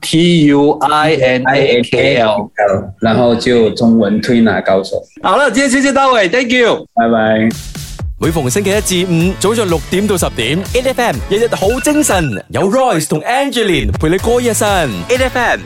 T U I N A K L，然後就中文推拿高手。好了，今天謝謝大衛，Thank you，拜拜。每逢星期一至五，早上六點到十點，8FM 日日好精神，有 Royce 同 Angelin 陪你過一生，8FM。